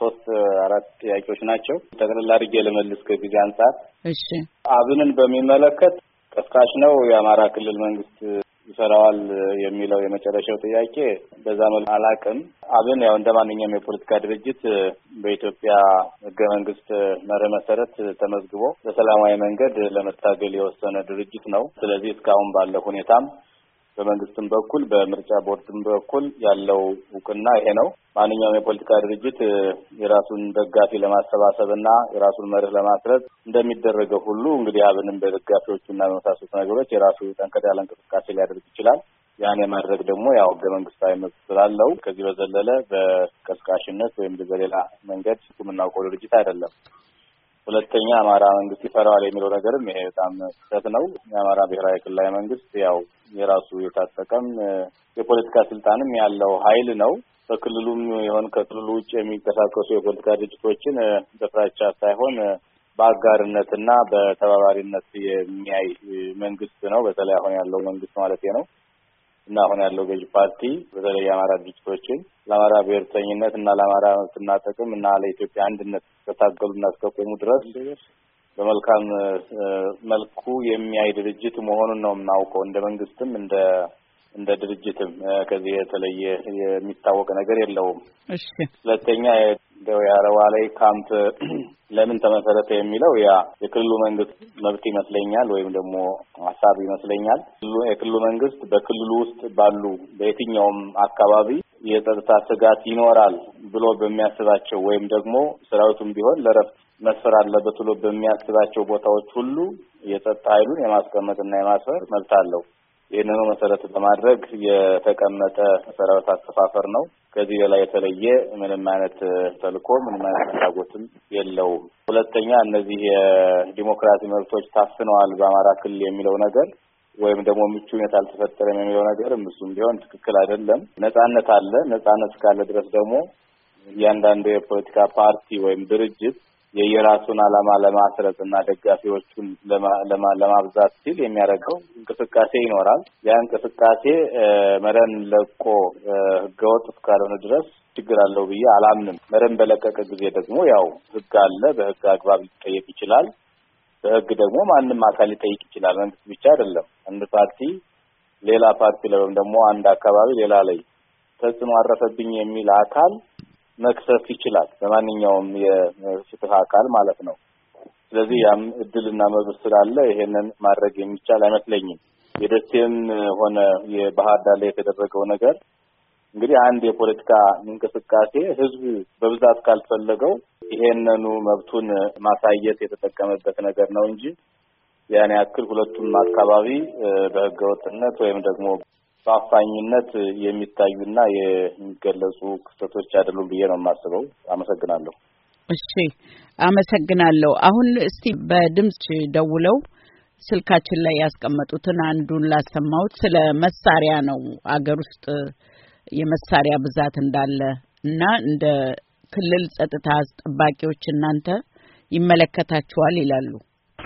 ሶስት አራት ጥያቄዎች ናቸው። ጠቅላላ አድርጌ ልመልስ ከጊዜ አንጻር። እሺ፣ አብንን በሚመለከት ቀስቃሽ ነው የአማራ ክልል መንግስት ይሰራዋል የሚለው የመጨረሻው ጥያቄ በዛ መልኩ አላቅም። አብን ያው እንደ ማንኛውም የፖለቲካ ድርጅት በኢትዮጵያ ሕገ መንግስት መርህ መሰረት ተመዝግቦ በሰላማዊ መንገድ ለመታገል የወሰነ ድርጅት ነው። ስለዚህ እስካሁን ባለው ሁኔታም በመንግስትም በኩል በምርጫ ቦርድም በኩል ያለው እውቅና ይሄ ነው። ማንኛውም የፖለቲካ ድርጅት የራሱን ደጋፊ ለማሰባሰብ እና የራሱን መርህ ለማስረጽ እንደሚደረገው ሁሉ እንግዲህ አብንም በደጋፊዎቹ እና በመሳሰሉት ነገሮች የራሱ ጠንከር ያለ እንቅስቃሴ ሊያደርግ ይችላል። ያን የማድረግ ደግሞ ያው ህገ መንግስታዊ መብት ስላለው ከዚህ በዘለለ በቀስቃሽነት ወይም በሌላ መንገድ የምናውቀው ድርጅት አይደለም። ሁለተኛ አማራ መንግስት ይፈራዋል የሚለው ነገርም ይሄ በጣም ስህተት ነው። የአማራ ብሔራዊ ክልላዊ መንግስት ያው የራሱ የታጠቀም የፖለቲካ ስልጣንም ያለው ኃይል ነው። በክልሉም ይሆን ከክልሉ ውጭ የሚንቀሳቀሱ የፖለቲካ ድርጅቶችን በፍራቻ ሳይሆን በአጋርነትና በተባባሪነት የሚያይ መንግስት ነው። በተለይ አሁን ያለው መንግስት ማለት ነው። እና አሁን ያለው ገዥ ፓርቲ በተለይ የአማራ ድርጅቶችን ለአማራ ብሔርተኝነት እና ለአማራ መብትና ጥቅም እና ለኢትዮጵያ አንድነት እና እስከቆሙ ድረስ በመልካም መልኩ የሚያይ ድርጅት መሆኑን ነው የምናውቀው። እንደ መንግስትም እንደ እንደ ድርጅትም ከዚህ የተለየ የሚታወቅ ነገር የለውም። ሁለተኛ የተገደበው የአረዋ ላይ ካምፕ (clears throat) ለምን ተመሰረተ የሚለው ያ የክልሉ መንግስት መብት ይመስለኛል፣ ወይም ደግሞ ሀሳብ ይመስለኛል። የክልሉ መንግስት በክልሉ ውስጥ ባሉ በየትኛውም አካባቢ የጸጥታ ስጋት ይኖራል ብሎ በሚያስባቸው ወይም ደግሞ ሰራዊቱም ቢሆን ለረፍት መስፈር አለበት ብሎ በሚያስባቸው ቦታዎች ሁሉ የጸጥታ ኃይሉን የማስቀመጥና የማስፈር መብት አለው። ይህንኑ መሰረት በማድረግ የተቀመጠ ሰራዊት አሰፋፈር ነው። ከዚህ በላይ የተለየ ምንም አይነት ተልእኮ ምንም አይነት ፍላጎትም የለውም። ሁለተኛ እነዚህ የዲሞክራሲ መብቶች ታፍነዋል በአማራ ክልል የሚለው ነገር ወይም ደግሞ ምቹ ሁኔታ አልተፈጠረም የሚለው ነገር እሱም ቢሆን ትክክል አይደለም። ነጻነት አለ። ነጻነት እስካለ ድረስ ደግሞ እያንዳንዱ የፖለቲካ ፓርቲ ወይም ድርጅት የየራሱን ዓላማ ለማስረጽ እና ደጋፊዎቹን ለማብዛት ሲል የሚያደርገው እንቅስቃሴ ይኖራል። ያ እንቅስቃሴ መረን ለቆ ህገወጥ እስካልሆነ ድረስ ችግር አለው ብዬ አላምንም። መረን በለቀቀ ጊዜ ደግሞ ያው ህግ አለ። በህግ አግባብ ሊጠየቅ ይችላል። በህግ ደግሞ ማንም አካል ሊጠይቅ ይችላል። መንግስት ብቻ አይደለም። አንድ ፓርቲ ሌላ ፓርቲ ላይ ደግሞ አንድ አካባቢ ሌላ ላይ ተጽዕኖ አረፈብኝ የሚል አካል መክሰፍ ይችላል በማንኛውም የፍትህ አካል ማለት ነው። ስለዚህ ያም እድልና መብት ስላለ ይሄንን ማድረግ የሚቻል አይመስለኝም። የደሴም ሆነ የባህር ዳር ላይ የተደረገው ነገር እንግዲህ አንድ የፖለቲካ እንቅስቃሴ ህዝብ በብዛት ካልፈለገው ይሄንኑ መብቱን ማሳየት የተጠቀመበት ነገር ነው እንጂ ያን ያክል ሁለቱም አካባቢ በህገወጥነት ወይም ደግሞ በአፋኝነት የሚታዩና የሚገለጹ ክስተቶች አይደሉም ብዬ ነው የማስበው። አመሰግናለሁ። እሺ አመሰግናለሁ። አሁን እስቲ በድምፅ ደውለው ስልካችን ላይ ያስቀመጡትን አንዱን ላሰማሁት። ስለ መሳሪያ ነው አገር ውስጥ የመሳሪያ ብዛት እንዳለ እና እንደ ክልል ጸጥታ አስጠባቂዎች እናንተ ይመለከታችኋል ይላሉ።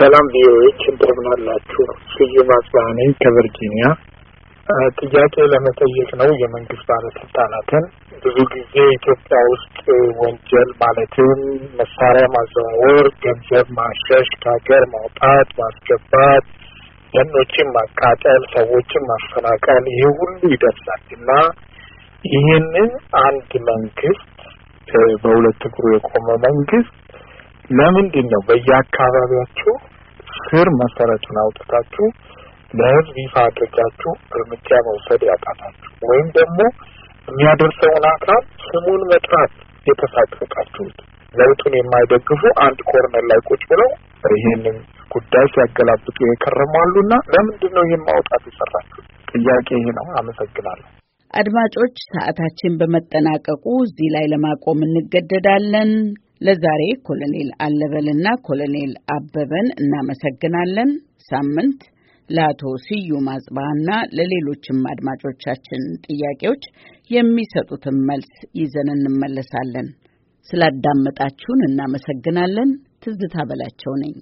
ሰላም ቪኦኤች እንደምን አላችሁ? ስዩም ነኝ ከቨርጂኒያ። ጥያቄ ለመጠየቅ ነው የመንግስት ባለስልጣናትን። ብዙ ጊዜ ኢትዮጵያ ውስጥ ወንጀል ማለትም መሳሪያ ማዘዋወር፣ ገንዘብ ማሸሽ፣ ከሀገር ማውጣት፣ ማስገባት፣ ደኖችን ማቃጠል፣ ሰዎችን ማፈናቀል ይሄ ሁሉ ይደርሳል እና ይህንን አንድ መንግስት በሁለት እግሩ የቆመ መንግስት ለምንድን ነው በየአካባቢያችሁ ስር መሰረቱን አውጥታችሁ ለህዝብ ይፋ አድርጋችሁ እርምጃ መውሰድ ያቃታችሁ ወይም ደግሞ የሚያደርሰውን አካል ስሙን መጥራት የተሳቀቃችሁት ለውጡን የማይደግፉ አንድ ኮርነር ላይ ቁጭ ብለው ይህንን ጉዳይ ሲያገላብጡ የከረሙ ና ለምንድን ነው ይህን ማውጣት የሰራችሁ ጥያቄ ይሄ ነው። አመሰግናለሁ። አድማጮች፣ ሰዓታችን በመጠናቀቁ እዚህ ላይ ለማቆም እንገደዳለን። ለዛሬ ኮሎኔል አለበልና ኮሎኔል አበበን እናመሰግናለን። ሳምንት ለአቶ ስዩም አጽባና ለሌሎችም አድማጮቻችን ጥያቄዎች የሚሰጡትን መልስ ይዘን እንመለሳለን። ስላዳመጣችሁን እናመሰግናለን። ትዝታ በላቸው ነኝ።